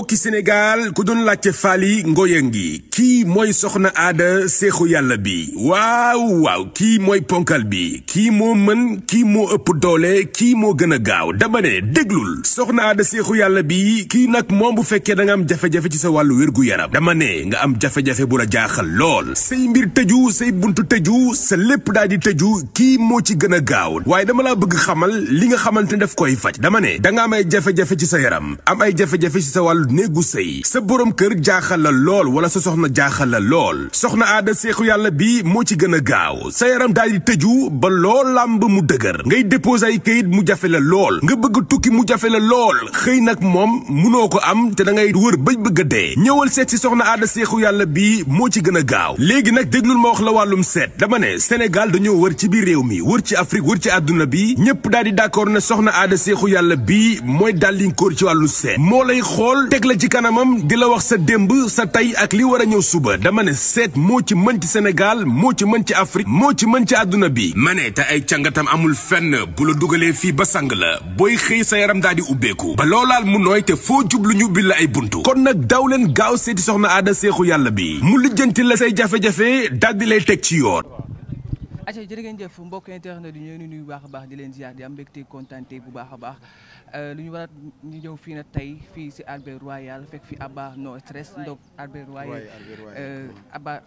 mbokki Sénégal ku doon laajte Faly Ngoyeng gi kii mooy soxna aada seexu yàlla bi waaw waaw kii mooy ponkal bi kii moo mën kii moo ëpp doole kii moo gën a gaaw dama ne déglul soxna aada seexu yàlla bi kii nag moom bu fekkee da nga am jafe-jafe ci sa wàllu wér gu yaram dama ne nga am jafe-jafe bu la jaaxal lool say mbir tëju say buntu tëju sa lépp daal di tëju kii moo ci gën a gaaw waaye dama laa bëgg xamal li nga xamante ne daf koy faj dama ne da nga am ay jafe-jafe ci sa yaram am ay jafe-jafe ci sa wàllu néegu sëy sa boroom kër jaaxal la lool wala sa soxna jaaxal la lool soxna aada seexu yàlla bi moo ci gën a gaaw sa yaram daal di tëju ba loo ba mu dëgër ngay déposé ay kayit mu jafe la lool nga bëgg tukki mu jafe la lool xëy nag moom munoo ko am te da ngay wër bañ bëgg a dee ñëwal seet si soxna aada seexu yàlla bi moo ci gën a gaaw léegi nag déglul ma wax la wàllum seet dama ne Sénégal dañoo wër ci biir réew mi wër ci Afrique wër ci àdduna bi ñëpp daal di d'accord ne soxna aada seexu yàlla bi mooy dàllinkóor ci wàllu seet moo lay teg la ci kanamam di la wax sa demb sa tey ak li war a ñëw suba dama ne seet moo ci man ci senegal moo ci mën ci Afrique moo ci mën ci àdduna bi ma ne te ay cangatam amul fenn bu la dugalee fii ba sang la booy xëy sa yaram daal di ubbeeku ba loolaal mu nooy te foo jublu ñu bi la ay buntu kon nag daw leen gaaw seeti soxna aada seexu yàlla bi mu lijjanti la say jafe-jafe daal di lay teg ci yoon acca jërë ngeen jëf mbokk internet yi ñoo ngi baax a baax di leen ziar di am mbégte kontaan bu a baax Euh, lu ñu war a ñu ñëw fii na tey fii si Albert Royal fekk fi Abba No Stress ndog Albert Royal euh, Abba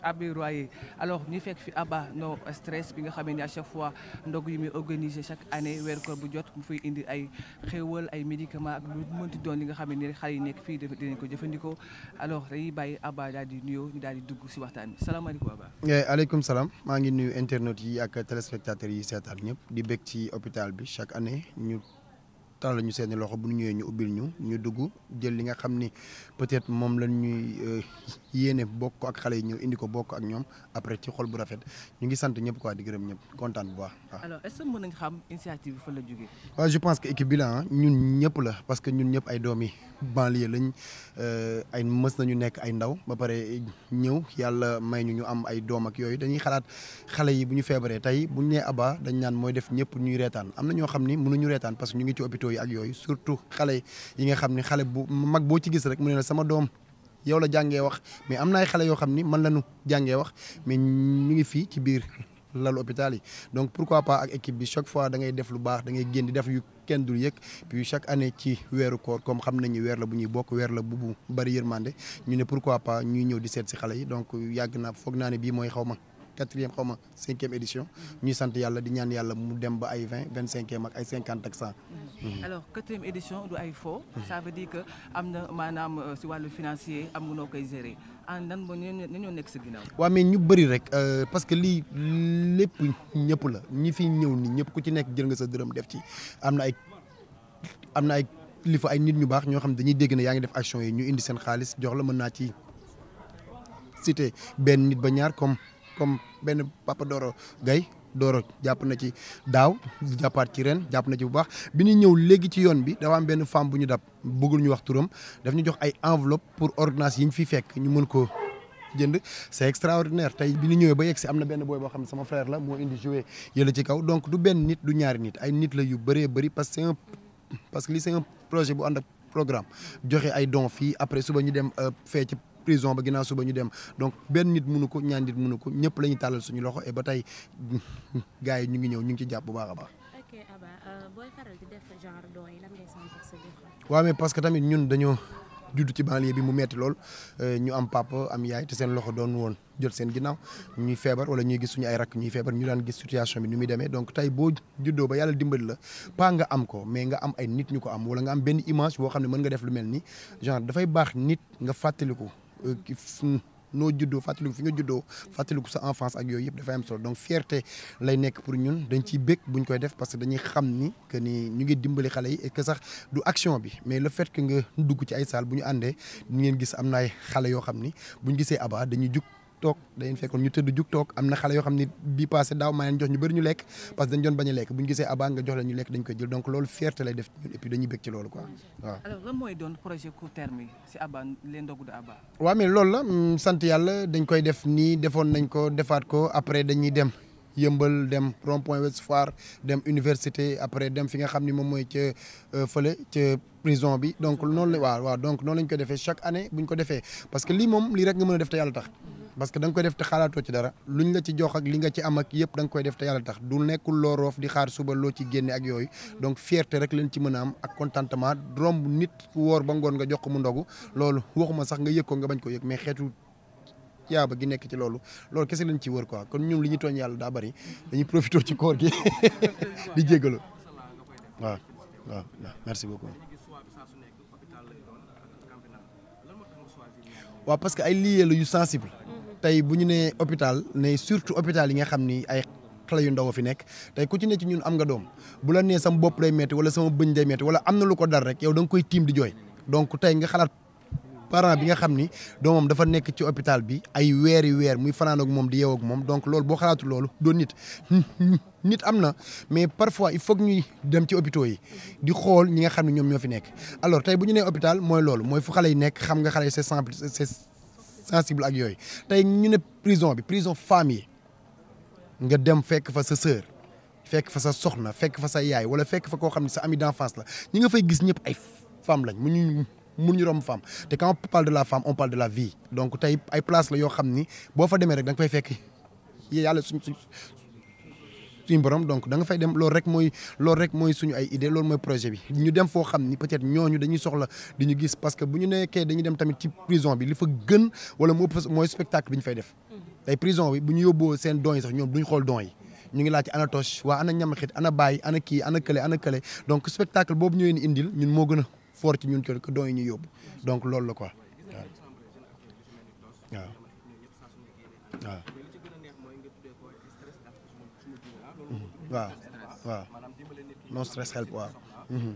Albert Royer alors ñu fekk fi Abba No Stress bi nga xamee ni chaque fois ndog yu muy organisé chaque année weer ko bu jot mu fay indi ay xewal ay médicaments ak lu mënti doon li nga xamee ni xale yi nekk fii dinañ ko jëfandikoo alors dañuy bàyyi Abba daal di nuyoo ñu daal di dugg si waxtaan bi salaamaaleykum Abba. Eh, aleykum salaam maa ngi nuyu internautes yi ak téléspectateurs yi seetaan ñëpp di bëgg ci hôpital bi année ñu. tàllal ñu seeni loxo bu ñu ñëwee ñu ubbil ñu ñu dugg jël li nga xam ni peut moom lañ euh, yéene bokk ak xale yi ñu indi ko bokk ak ñoom après ci xol bu rafet ñu ngi sant ñëpp ko di gërëm ñëpp kontaan bu baax waaw. alors est-ce que mën nañ xam bi fa la jógee. la ah, ñun ñëpp parce que ñun ñëpp ay doom yi banlieue lañ euh, ay mës nañu ay ndaw ba pare ñëw yàlla may ñu ñu am ay doom ak yooyu dañuy xalaat xale yi bu ñu feebaree tey bu ñu nee Aba dañ naan mooy def ñëpp ñuy reetaan am na ñoo xam ni mënuñu reetaan parce que ñu ngi ci hôpital yooyu ak yooyu surtout xale yi nga xam ni xale bu mag boo ci gis rek mu ne la sama doom yow la jàngee wax mais am na ay xale yoo xam ni man la ñu jàngee wax mais ñu ngi fii ci biir lalu hôpital yi donc pourquoi pas ak équipe bi chaque fois da ngay def lu baax dangay ngay génn di def yu kenn dul yëg puis chaque année ci weeru koor comme xam nañu weer la bu ñuy bokk weer la bu bu bari yërmande ñu ne pour pourquoi pas ñu ñëw di seet si xale yi donc yàgg naa foog naa ne mooy xaw ma quatrième xaw ma cinquième édition ñuy sant yàlla di ñaan yàlla mu dem ba ay vingt vingt cinquième ak ay cinquante ak cent. alors quatrième édition du ay faux. ça veut dire que am na maanaam euh, si wàllu financier am nga noo koy gérer en nan ba ñu nekk si ginnaaw. waaw mais ñu bëri rek euh, parce que lii lépp ñëpp la ñi fi ñëw nii ñëpp ku ci nekk jël nga sa dërëm def ci am na ay am na ay li ay nit ñu baax ñoo xam dañuy dégg ne yaa ngi def action yi ñu indi seen xaalis jox la mën naa ci cité benn nit ba ñaar comme benn Papa Doro Gaye Doro jàpp na ci daaw jàppaat ci ren jàpp na ci bu baax bi ñu ñëw léegi ci yoon bi dafa am benn femme bu ñu dab bëggul ñu wax turam daf ñu jox ay enveloppe pour ordonnance yi ñu fi fekk ñu mën ko jënd c'est extraordinaire tey bi ñu ñëwee ba yegg si am na benn booy boo xam ne sama frère la moo indi joué yëla ci kaw donc du benn nit du ñaari nit ay nit la yu bëree bëri parce que parce que lii c'est un projet bu ànd ak programme joxe ay dons fii après suba ñu dem euh, fee prison ba ginnaaw suba ñu dem donc benn nit munu ko ñaan nit munu ko ñëpp lañuy ñuy tàllal suñu loxo et ba tey gars yi ñu ngi ñëw ñu ngi ci jàpp bu baax a baax. waaw euh, mais parce que tamit ñun dañoo judd ci banlieue bi mu metti lool euh, ñu am papa am yaay te seen loxo doon woon jot seen ginnaaw ñuy feebar wala ñuy gis suñu ay rakk ñuy feebar ñu daan gis situation bi ni muy demee donc tey boo juddoo ba yàlla dimbali la pas nga am ko mais nga am ay nit ñu ko am wala nga am benn image boo xam ne mën nga def lu mel ni genre dafay baax nit nga fàttaliku. Euh, noo juddoo fàttaliku fi nga juddoo fàttaliku sa enfance ak yooyu yëpp dafay am solo donc fierté lay nekk pour ñun dañ ciy bëgg buñ koy def parce que dañuy xam ni que nii ñu ngi dimbali xale yi et que sax du action bi mais le fait que nga dugg ci ay salle bu ñu àndee ngeen gis am naay xale yoo xam ni bu ñu gisee Aba dañuy jug. toog dañu leen fekkoon ñu tëdd jug toog am na xale yoo xam ne bi passé daaw maa leen jox ñu bëri ñu lekk parce que dañ bañ a lekk bu ñu gisee abaa nga jox la ñu lekk dañ koy jël donc loolu fierté lay def ñun et puis dañuy la mm, sant yàlla dañ koy def nii defoon nañ ko defaat ko après dañuy dem. yëmbal dem rond point Ouest dem université après dem fi nga xam ni moom mooy ca euh, fële ca prison bi donc noonu la waaw waaw donc noonu lañ ko defee chaque année buñ ko defee parce que lii moom lii rek nga mën a def te yàlla tax parce que danga nga koy def te xalaatoo ci dara luñ la ci jox ak li nga ci am ak yëpp da nga koy def te yàlla tax du nekkul loo roof di xaar suba loo ci génne ak yooyu mm-hmm. donc fierté rek leen ci mën a am ak contentement romb nit woor ba ngoon nga jox ko mu ndogu mm-hmm. loolu waxuma sax nga yëg nga bañ ko yëg mais xeetu yaaba gi nekk ci loolu loolu kese lañ ci wër quoi kon ñun li ñu tooñ yàlla daa bari dañuy profité ci koor di jégalu merci beaucoup. waaw parce que ay lié la yu sensible mm-hmm. tey bu ñu nee hôpital ne surtout hôpital yi nga xam ni ay xale yu ndaw fi nekk tey ku ci ne ñun am nga doom bu la nee sama bopp day metti wala sama bëñ day metti wala am na lu ko dar rek yow da nga koy tiim di jooy donc tey nga xalaat parent bi nga xam ni doom dafa nekk ci hôpital bi ay weeri weer muy fanaan ak moom di yeew moom donc loolu boo xalaatu loolu doo nit nit am na mais parfois il faut que ñuy ci hôpitaux yi di ñi nga xam ñoom ñoo fi nekk alors tey bu ñu nee hôpital mooy loolu mooy fu xale yi nekk xam nga xale yi c'est simple c'est sensible ak yooyu tey ñu ne prison bi prison famille nga dem fekk fa sa sœur fekk fa sa soxna fekk fa sa yaay wala fekk fa koo xam ne sa ami d'enfance la ñi nga fay gis ñëpp ay femme lañ mu ñu mun ñu romb femme te quand de la femme on parle de la vie donc tey ay place la yoo xam ni boo fa demee rek da nga fay fekk suñu borom donc da nga fay dem loolu rek mooy loolu suñu ay idée loolu mooy projet bi ñu dem foo xam ni peut ñooñu dañuy soxla di ñu gis parce que bu ñu nekkee dañuy dem tamit prison bi li fa gën wala mooy spectacle bi ñu fay def mhm. tey prison bi bu ñu yóbboo seen dons sax ñoom duñ xool dons ñu ngi laajte ana toch waa ana ñamaxit ana ana kële ana kële donc spectacle boobu ñu leen indil ñun moo gën a fort ci ñun que dons yi ñu yóbbu waaw waaw non stress help waaw. Mhm.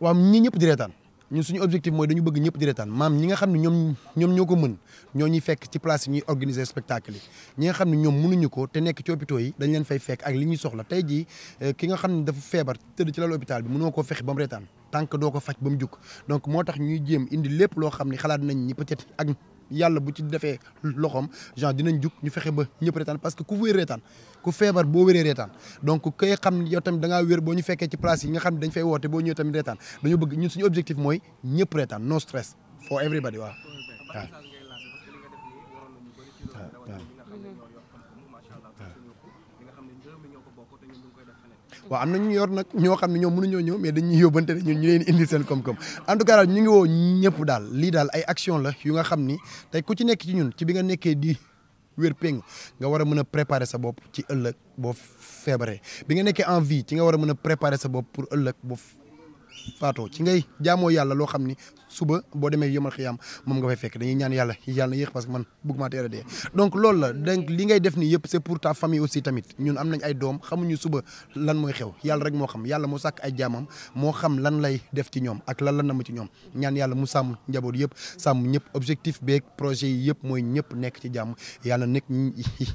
waaw ñi ñëpp di reetaan ñun suñu objectif mooy dañu bëgg ñëpp di reetaan maam ñi nga xam ne ñoom ñoom ñoo ko mën ñoo ñuy fekk ci place yi ñuy organiser spectacle yi ñi nga xam ne ñoom mënuñu ko te nekk ci hôpitaux yi dañ leen fay fekk ak li ñuy soxla tey jii eh, ki nga xam ne dafa feebar tëdd ci lal hôpital bi mënoo ko fexe ba mu reetaan tant que doo ko faj ba mu jug donc moo tax ñuy jéem indi lépp loo xam ni xalaat nañ ñi peut ak yàlla bu ci defee loxoom genre dinañ jug ñu fexe ba ñëpp reetaan parce que ku wér reetaan ku feebar boo wéree reetaan donc kay xam yow tamit da ngaa wér boo ñu fekkee ci place yi nga xam ne dañ fay woote boo ñëwee tamit reetaan dañu bëgg ñun suñu objectif mooy ñëpp reetaan no stress for everybody waaw waaw waaw am na ñu yor nag ñoo xam ne ñoom mënuñoo ñëw mais dañuy yóbbante ne ñun ñu leen indi seen kom koom en tout daal ñu ngi woo ñëpp daal lii daal ay action la yu nga xam ni tey ku ci nekk ci ñun ci bi nga nekkee di wér péng nga war a mën a préparer sa bopp ci ëllëg boo feebaree bi nga nekkee en vie ci nga war a mën a préparer sa bopp pour ëllëg boo faatoo ci ngay jaamoo yàlla loo xam ni suba boo demee yëmal xiyaam moom nga fay fekk dañuy ñaan yàlla yàlla na yéex parce que man bëgg maa teel a dee donc loolu la donc li ngay def nii yëpp c'est pour ta famille aussi tamit ñun am nañ ay doom xamuñu suba lan mooy xew yàlla rek moo xam yàlla moo sàkk ay jaamam moo xam lan lay def ci ñoom ak lan la nam ci ñoom ñaan yàlla mu sàmm njaboot yëpp sàmm ñëpp objectif beeg projet yëpp mooy ñëpp nekk ci jàmm yàlla nekk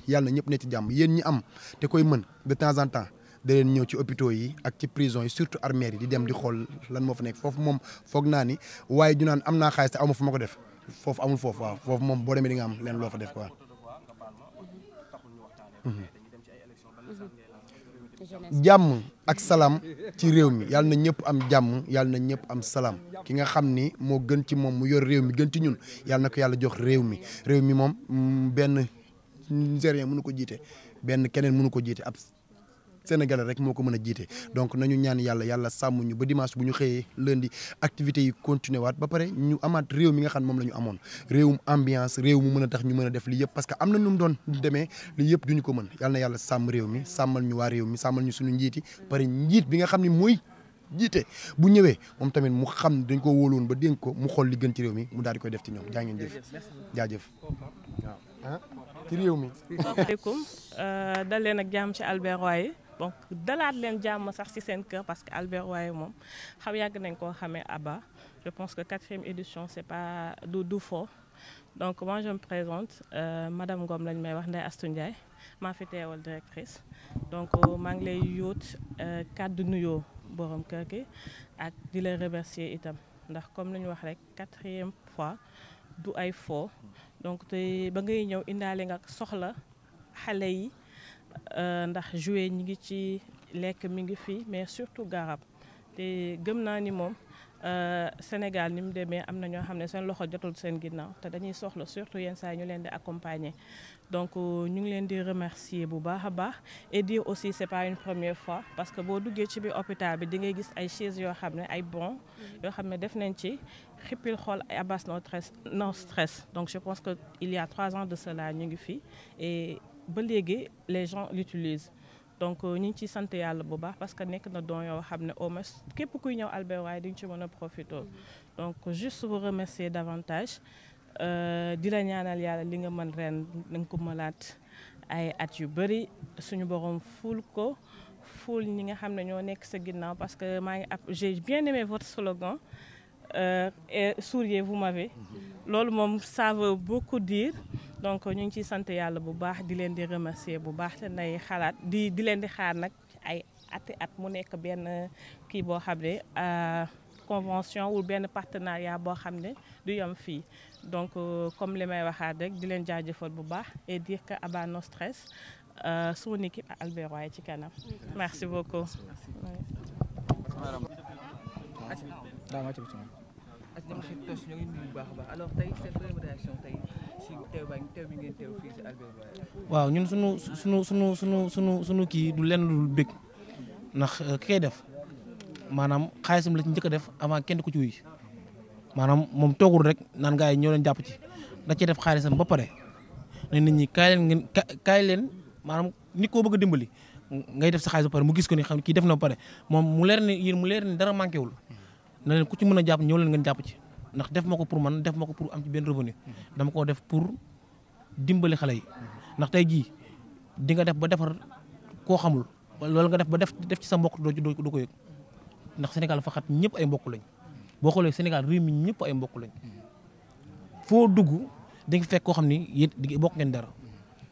yàlla ñëpp nekk ci jàmm yéen ñi am te koy mën de temps en temps da leen ñëw ci hôpitaux yi ak ci prison yi surtout armée yi di dem di xool lan moo fa nekk foofu moom foog naa ni waaye ju am na xaalis te amu fu ma ko def foofu amul foofu waaw foofu moom boo demee di nga am leen loo fa def quoi. jàmm ak salaam ci réew mi yàlla na ñëpp am jàmm yàlla na ñëpp am salaam ki nga xam ni moo gën ci moom mu yor réew mi gën ci ñun yàlla na ko yàlla jox réew mi réew mi moom mm, benn nigérien mënu ko jiite benn keneen mënu ko jiite ab Sénégalais rek moo ko mën a jiite donc nañu ñaan yàlla yàlla sàmm ñu ba dimanche bu ñu xëyee lundi activités yi continuer waat ba pare ñu amaat réew mi nga xam moom a tax ñu a def li yëpp parce que am na nu mu doon demee li yëpp duñu bi nga xam ne mooy jiite bu ñëwee moom tamit mu xam dañ ko wóoloon ba dénk ko mu xool li gën ci réew mi mu daal di koy def ci ñoom jaa ngeen jëf jaajëf waaw ah ci réew mi. asalaamaaleykum euh, dal leen ak jàmm ci Albert Royer donc dalaat leen jàmm sax ci seen kër parce que Albert waaye moom xaw yàgg nañ koo xamee Abba je pense que quatrième édition c'est pas du du faux donc moi je me présente euh, madame Ngom lañ may wax Ndeye Astou Ndiaye maa fi teewal directrice donc euh, maa ngi lay yóot euh, kàddu nuyoo borom kër gi ak di la remercier itam ndax comme la ñu wax rek quatrième fois du ay faux donc te ba ngay ñëw indaale ak soxla xale yi. Euh, ndax jouet ñi ngi ci lekk mi ngi fi mais surtout garab te gëm naa ni moom euh, Sénégal ni mu demee am na ñoo xam ne seen loxo jotul seen ginnaaw te dañuy soxla surtout yenn saa ñu leen di accompagner donc euh, ñu ngi leen di remercier bu baax a baax et dire aussi c'est pas une première fois parce que boo duggee ci biir hôpital bi di ngay gis ay chaises yoo xam ne ay bon yoo xam ne def nañ ci xippil xool a abas no stress donc je pense que il y trois ans de cela ñu ngi fi ba léegi les gens l'utilisent donc euh, ñu ngi ciy sant yàlla bu baax parce que nekk na don xam ne au moins képp kuy ñëw Albert waaye di nga ci mën a profité donc juste vous remercier davantage euh, di la ñaanal yàlla li nga mën ren da nga ko mënaat ay at yu bëri suñu borom ful ko ful ñi nga xam ne ñoo nekk sa ginnaaw parce que maa ngi ab j'ai bien aimé votre slogan euh, souriez vous m'avez mm-hmm. loolu moom ça veut beaucoup dire donc ñu ngi ciy sant yàlla bu baax di leen di remercier bu baax te nay xalaat di di leen di xaar nag ay ati at mu nekk benn kii boo xam ne convention wul benn partenariat boo xam ne du yom fii donc comme li may waxaat rek di leen jaajëfal bu baax et dire que Aba no stress son équipe à Albert Royer ci kanam merci beaucoup alors waaw ñun sunu sunu sunu sunu sunu sunu kii du lenn lu bëgg ndax euh, ki def maanaam xaalisam la ci njëkk def avant kenn ku ci wuy maanaam moom toogul rek naan gars yi ñoo leen jàpp ci da ciy def xaalisam ba pare ne nit ñi kaay leen ngeen kaay leen maanaam ni koo bëgg a dimbali ngay def sa xaalis ba pare mu gis ko ni xam kii def na ba pare moom mu leer ne yéen mu leer ne dara manqué wul na leen ku ci a jàpp ñëw leen jàpp ci. ndax def ma ko pour man def ma ko pour am ci benn revenu dama koo def pour dimbali xale yi ndax tey jii di nga def ba defar koo xamul loolu nga def ba def def ci sa mbokk doo doo ko yëg ndax Sénégal fa xat ñëpp ay mbokk lañ boo xoolee Sénégal réew mi ñëpp ay mbokk lañ foo dugg di nga fekk koo xam ni yéen bokk ngeen dara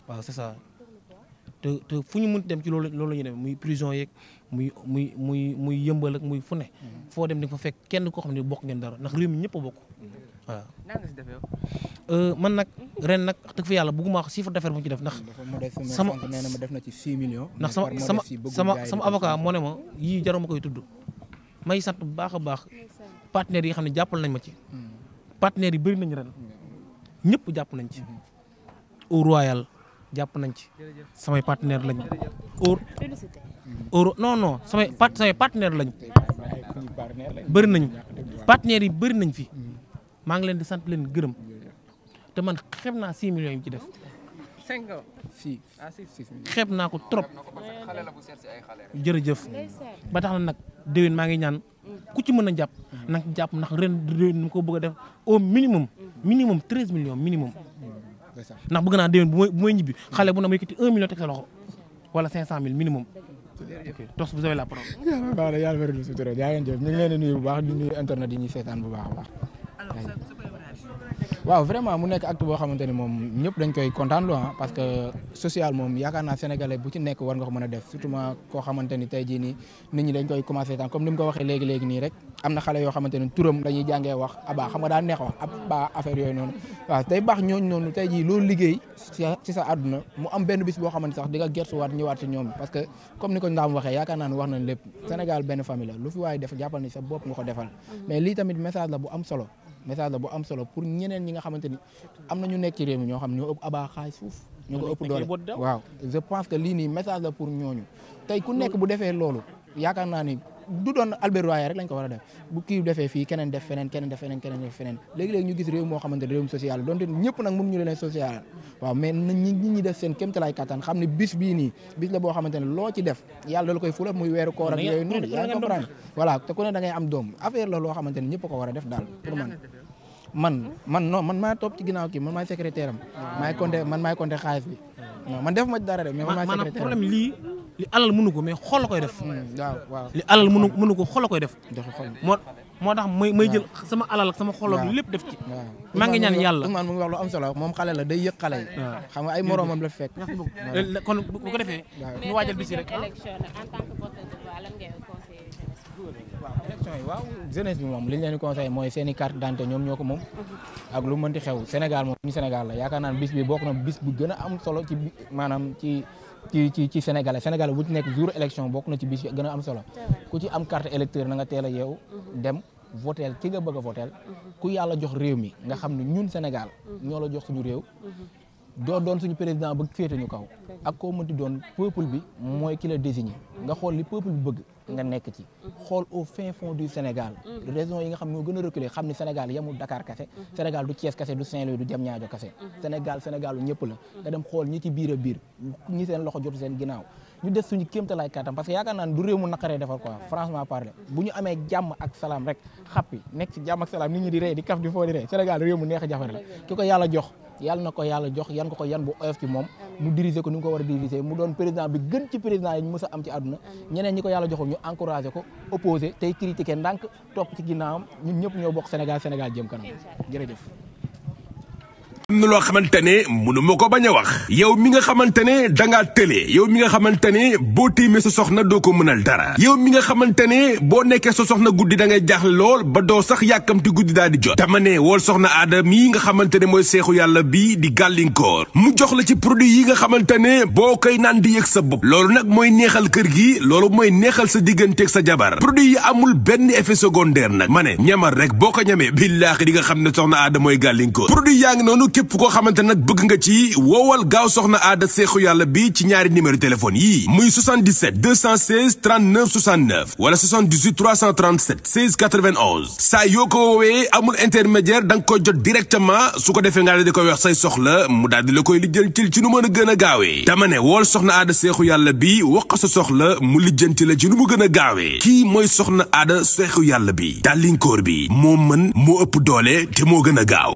waaw c'est ça. te te fu ñu mën dem ci loolu loolu la ñuy dem muy prison yeeg muy muy muy muy yëmbal ak muy fu ne. Mhm. foo dem di nga fa fekk kenn koo xam ne bokk ngeen dara ndax réew mi ñëpp bokk. voilà mhm. naa euh, man nag ren nag wax dëgg fa yàlla bëgguma wax chiffre d'affaires bu mu ci def ndax. sama ma def na ci 6 millions. ndax sama sama sama sama avocat moo ne ma yii jaruma koy tudd. may sant bu baax a baax partenaires yi xam ne jàppal nañ ma ci. Mhm. partenaires yi bëri nañ ren. ñëpp jàpp nañ ci. au royal. jàpp nañ ci samay partenaire lañu óor óor non non samay partenaire lañ bëri nañ partenaires yi bëri nañ fi maa ngi leen di sant leen gërëm te man xeeb naa 6 millions yi ci def. 5 ans 6 6 xeeb naa ko trop jërëjëf ba tax nag déwén maa ngi ñaan ku ci mën a jàpp. na jàpp ndax ren ren nu ko bëgg def au minimum minimum 13 millions minimum. ndax bëgg naa déwén bu may bu may ñibbi xale bu na ma yëkkati 1 million teg sa loxo wala 500000 minimum. tos vous avez la parole. yàlla na yàlla na yàlla na yàlla na yàlla na yàlla na yàlla na yàlla na yàlla na yàlla na waaw vraiment mu nekk acte boo xamante ni moom ñëpp dañ koy kontaan lu ah parce que social moom yaakaar naa sénégalais bu ci nekk war nga ko mën a def ni tey jii nii nit ñi dañ koy commencé tan comme ni mu ko waxee léegi léegi nii rek am na xale yoo xamante ni turam dañuy jàngee wax abaa xam nga daa neex wax abaa affaire yooyu noonu waaw tey baax ñooñu liggéey ci sa àdduna mu am benn bis boo xamante sax di nga gertuwaat ñëwaat ci ñoom parce que ni ko ndaam waxee yaakaar naa ni wax nañ lépp Sénégal benn famille la lu fi waaye def jàppal ni sa bopp nga ko defal mm. mais lii tamit message la bu am solo message la bu am solo pour ñeneen ñi nga xamante ni am na ñu nekk ci réew mi ñoo xam ñoo ëpp abaa xaay suuf ñoo ko ëpp doole waaw je pense que lii nii message la pour ñooñu tey ku nekk bu defee loolu yaakaar naa ni du doon Albert Royer rek lañ ko war a def bu kii def feneen keneen def feneen keneen def feneen léegi-léegi ñu gis réew moo xamante ne réewum social la donte ñëpp nag mënuñu social waaw mais nañ ñi ñi def seen xam ne bis bii nii bis la boo xamante ne loo def yàlla dala koy fula muy weeru koor ak yooyu noonu yaa ngi comprendre voilà te ku ne da ngay am doom affaire la loo xamante a man man man man man man maay compté xaalis man def ma dara de mais man maay li alal mënu ko mais xol la koy def. Mm, waaw waaw li alal mënu mënu ko xol koy def. moo moo tax may may jël sama alal ak sama xol lépp def ci. waaw maa ngi ñaan yàlla Ousmane mu ngi lu am solo moom xale la day yëg xale yi. xam nga ay moroomam la fekk. kon bu ko defee. ñu waajal bis yi rek ah. waaw élection yi waaw jeunesse bi moom li leen di mooy seen i carte ñoom ñoo ko moom mhm. ak lu mënti xew Sénégal moom ñu Sénégal la yaakaar naan bis bi bokk na bis bu am solo ci maanaam ci ci ci ci Sénégal Sénégal bu ci nekk jour élection bokk na ci bis gën a am solo ko ci am carte électeur na nga teel a yeew mhm. dem voteel ki nga bëgg a voteel mhm. ku yàlla jox réew mi nga xam ne ñun Sénégal mhm. ñoo jox suñu réew doo doon suñu président bëgg féete ñu kaw ak koo mënti doon peuple bi mooy ki la désigné nga xool li peuple bëgg nga nekk ci xool au fin fond du Sénégal régions yi nga xam ñoo gën a reculé xam ni Sénégal yemul Dakar kase Sénégal du Thiès kase du Saint-Louis du Diamniadio ñëpp la nga dem xool ñi ci biir a biir ñi seen loxo jotu seen ginnaaw ñu des suñu kéemtalaay kàttan parce que yaakaar naa ne du réew mu naqaree defar quoi franchement parler bu ñu neex a jafar la ki ko yàlla jox yàlla na ko yàlla jox yan ko ko yan bu oyof ci moom mu diriger ko ni mu ko war a diriger mu doon président bi gën ci président yi ñu am ci àdduna ñeneen ñi ko yàlla joxul ñu encouragé ko opposé tey critiqué ndànk topp ci ginnaawam ñu ñëpp ñoo bokk Sénégal Sénégal jëm kanam jërëjëf am loo xamante ne mënu ma ko bañ a wax yow mi nga xamante ne dangaa tëlee yow mi nga xamante ne boo tiimee sa soxna doo ko mënal dara yow mi nga xamante ne boo nekkee sa soxna guddi da ngay jaaxle lool ba doo sax yàkkamti guddi daal di jot dama ne wool soxna aadam yi nga xamante ne mooy seexu yàlla bi di mu jox la ci produit yi nga xamante ne boo koy naan di yëg sa bopp loolu nag mooy neexal kër gi loolu mooy neexal sa digganteeg sa jabar produit yi amul benn efe secondaire nag ma ne ñamal rek boo ko ñamee billaahi di nga xam ne soxna aadam mooy gàllinkoor képp koo xamante nag bëgg nga ci woowal gaaw soxna aada seexu yàlla bi ci ñaari numéro téléphone yi muy 77 216 39 69 wala 78 337 yoo ko woowee amul intermédiaire da nga koy jot directement su ko defee nga la di koy wax say soxla mu daal di la koy lijjantil ci nu mën a gën a gaawee dama wool soxna aada seexu yàlla bi wax ko sa soxla mu lijjanti la ci nu mu gën a gaawee kii mooy soxna aada seexu yàlla bi dàllinkoor bi moo mën moo ëpp doole te moo gën a gaaw